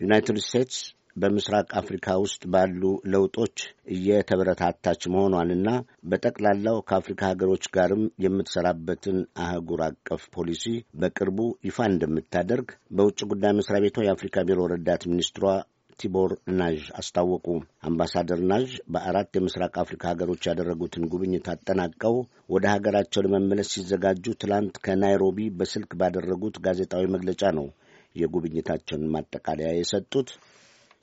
ዩናይትድ ስቴትስ በምስራቅ አፍሪካ ውስጥ ባሉ ለውጦች እየተበረታታች መሆኗንና በጠቅላላው ከአፍሪካ ሀገሮች ጋርም የምትሰራበትን አህጉር አቀፍ ፖሊሲ በቅርቡ ይፋ እንደምታደርግ በውጭ ጉዳይ መስሪያ ቤቷ የአፍሪካ ቢሮ ረዳት ሚኒስትሯ ቲቦር ናዥ አስታወቁ። አምባሳደር ናዥ በአራት የምስራቅ አፍሪካ ሀገሮች ያደረጉትን ጉብኝት አጠናቀው ወደ ሀገራቸው ለመመለስ ሲዘጋጁ ትላንት ከናይሮቢ በስልክ ባደረጉት ጋዜጣዊ መግለጫ ነው የጉብኝታቸውን ማጠቃለያ የሰጡት።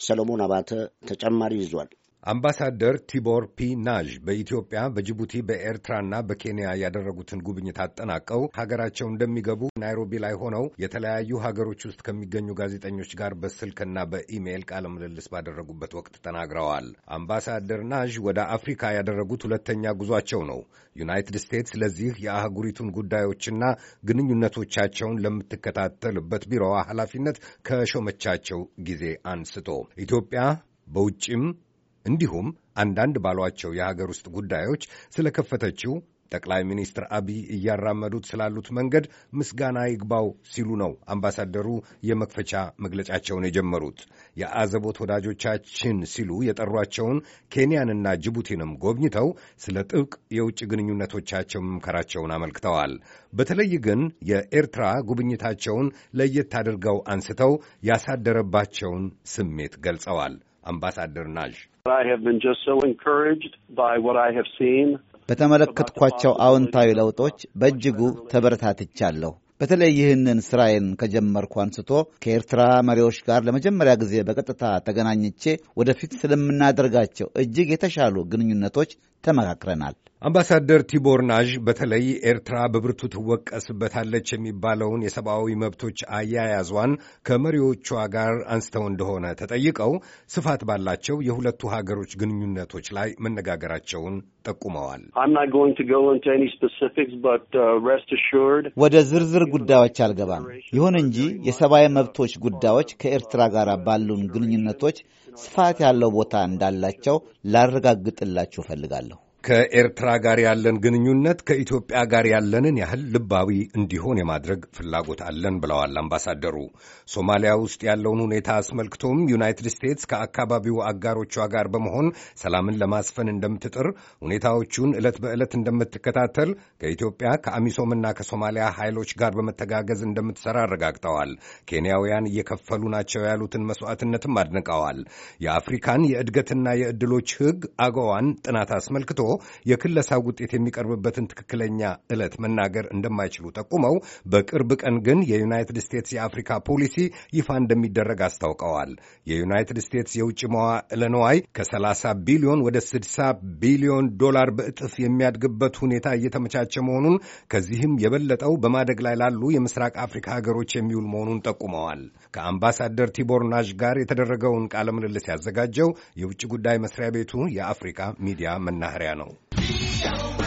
ሰለሞን አባተ ተጨማሪ ይዟል። አምባሳደር ቲቦር ፒ ናዥ በኢትዮጵያ በጅቡቲ በኤርትራና በኬንያ ያደረጉትን ጉብኝት አጠናቀው ሀገራቸው እንደሚገቡ ናይሮቢ ላይ ሆነው የተለያዩ ሀገሮች ውስጥ ከሚገኙ ጋዜጠኞች ጋር በስልክና በኢሜይል ቃለ ምልልስ ባደረጉበት ወቅት ተናግረዋል። አምባሳደር ናዥ ወደ አፍሪካ ያደረጉት ሁለተኛ ጉዟቸው ነው። ዩናይትድ ስቴትስ ለዚህ የአህጉሪቱን ጉዳዮችና ግንኙነቶቻቸውን ለምትከታተልበት ቢሮዋ ኃላፊነት ከሾመቻቸው ጊዜ አንስቶ ኢትዮጵያ በውጭም እንዲሁም አንዳንድ ባሏቸው የሀገር ውስጥ ጉዳዮች ስለከፈተችው ጠቅላይ ሚኒስትር አብይ እያራመዱት ስላሉት መንገድ ምስጋና ይግባው ሲሉ ነው አምባሳደሩ የመክፈቻ መግለጫቸውን የጀመሩት። የአዘቦት ወዳጆቻችን ሲሉ የጠሯቸውን ኬንያንና ጅቡቲንም ጎብኝተው ስለ ጥብቅ የውጭ ግንኙነቶቻቸው መምከራቸውን አመልክተዋል። በተለይ ግን የኤርትራ ጉብኝታቸውን ለየት አድርገው አንስተው ያሳደረባቸውን ስሜት ገልጸዋል። አምባሳደር ናሽ በተመለከትኳቸው አዎንታዊ ለውጦች በእጅጉ ተበረታትቻለሁ። በተለይ ይህንን ስራዬን ከጀመርኩ አንስቶ ከኤርትራ መሪዎች ጋር ለመጀመሪያ ጊዜ በቀጥታ ተገናኝቼ ወደፊት ስለምናደርጋቸው እጅግ የተሻሉ ግንኙነቶች ተመካክረናል። አምባሳደር ቲቦር ናዥ በተለይ ኤርትራ በብርቱ ትወቀስበታለች የሚባለውን የሰብአዊ መብቶች አያያዟን ከመሪዎቿ ጋር አንስተው እንደሆነ ተጠይቀው ስፋት ባላቸው የሁለቱ ሀገሮች ግንኙነቶች ላይ መነጋገራቸውን ጠቁመዋል። uh, ወደ ዝርዝር ጉዳዮች አልገባም። ይሁን እንጂ የሰብአዊ መብቶች ጉዳዮች ከኤርትራ ጋር ባሉን ግንኙነቶች ስፋት ያለው ቦታ እንዳላቸው ላረጋግጥላችሁ እፈልጋለሁ። ከኤርትራ ጋር ያለን ግንኙነት ከኢትዮጵያ ጋር ያለንን ያህል ልባዊ እንዲሆን የማድረግ ፍላጎት አለን ብለዋል አምባሳደሩ። ሶማሊያ ውስጥ ያለውን ሁኔታ አስመልክቶም ዩናይትድ ስቴትስ ከአካባቢው አጋሮቿ ጋር በመሆን ሰላምን ለማስፈን እንደምትጥር፣ ሁኔታዎቹን ዕለት በዕለት እንደምትከታተል፣ ከኢትዮጵያ ከአሚሶምና ከሶማሊያ ኃይሎች ጋር በመተጋገዝ እንደምትሰራ አረጋግጠዋል። ኬንያውያን እየከፈሉ ናቸው ያሉትን መስዋዕትነትም አድንቀዋል። የአፍሪካን የእድገትና የዕድሎች ሕግ አገዋን ጥናት አስመልክቶ የክለሳ ውጤት የሚቀርብበትን ትክክለኛ ዕለት መናገር እንደማይችሉ ጠቁመው በቅርብ ቀን ግን የዩናይትድ ስቴትስ የአፍሪካ ፖሊሲ ይፋ እንደሚደረግ አስታውቀዋል። የዩናይትድ ስቴትስ የውጭ መዋዕለ ንዋይ ከ30 ቢሊዮን ወደ 60 ቢሊዮን ዶላር በእጥፍ የሚያድግበት ሁኔታ እየተመቻቸ መሆኑን ከዚህም የበለጠው በማደግ ላይ ላሉ የምስራቅ አፍሪካ ሀገሮች የሚውል መሆኑን ጠቁመዋል። ከአምባሳደር ቲቦር ናዥ ጋር የተደረገውን ቃለ ምልልስ ያዘጋጀው የውጭ ጉዳይ መስሪያ ቤቱ የአፍሪካ ሚዲያ መናኸሪያ ነው። Be your